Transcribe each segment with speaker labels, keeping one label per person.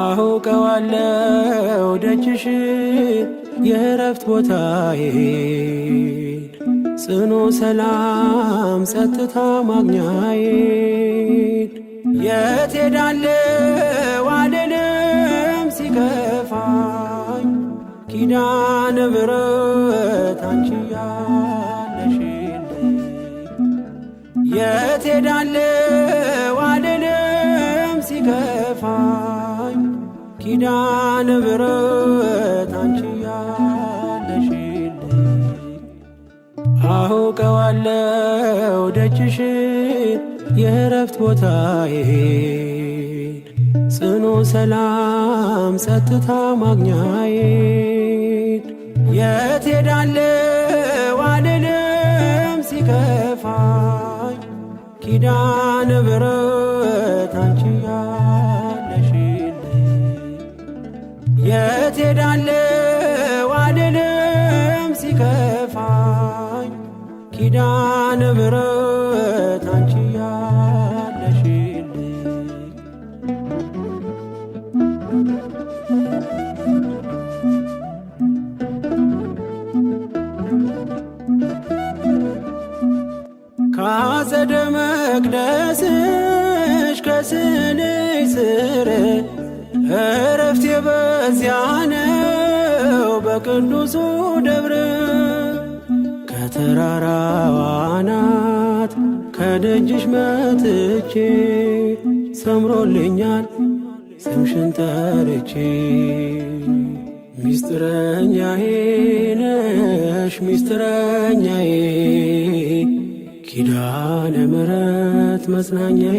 Speaker 1: አውቀዋለው ደጅሽ የእረፍት ቦታዬ ጽኑ ሰላም ጸጥታ ማግኛዬ የት ሄዳለው አልልም ሲከፋኝ ኪዳነ ምሕረት አንቺ ያለሽልኝ የት ሄዳለው አልልም ሲከፋኝ ኪዳነ ምሕረት አንቺ ያለሽልኝ አውቀዋለው ደጅሽን የእረፍት ቦታዬን ጽኑ ሰላም ጸጥታ ማግኛዬን የት ሄዳለው አልልም ሲከፋኝ ኪዳነ ምሕረት አንቺ የት ሄዳለሁ አልልም ሲከፋኝ ኪዳነ ምሕረት አንቺ ያለሽልኝ ካጸደ መቅደስሽ ከስንሽ ስር እረፍቴ በዚያ ነው በቅዱሱ ደብረ ከተራራዋ ከደጅሽ መጥቼ ሰምሮልኛል ስምሽን ጠርቼ ሚስጥረኛዬ ነሽ ሚስጥረኛዬ ኪዳነ ምሕረት መጽናኛዬ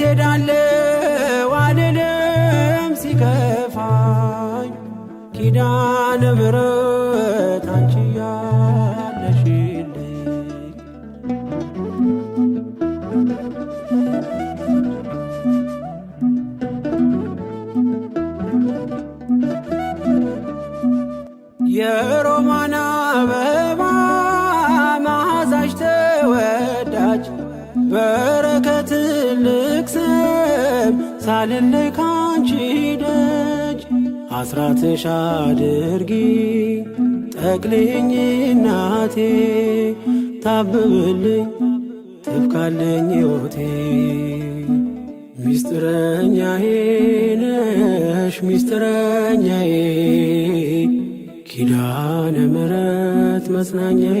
Speaker 1: የት ሄዳለሁ አልልም ሲከፋኝ ኪዳነ ምሕረት አንቺ ያለሽልኝ የሮማን አበባ መዓዛሽ ተወዳጅ በረከት ልቅሰም ሳልለይ ካንቺ ደጅ አስራትሽ አድርጊ ጠቅልኝ እናቴ ታብብልኝ ትብካለኝ ወቴ ሚስጥረኛዬ ነሽ ሚስጥረኛዬ ኪዳነ ምሕረት መጽናኛዬ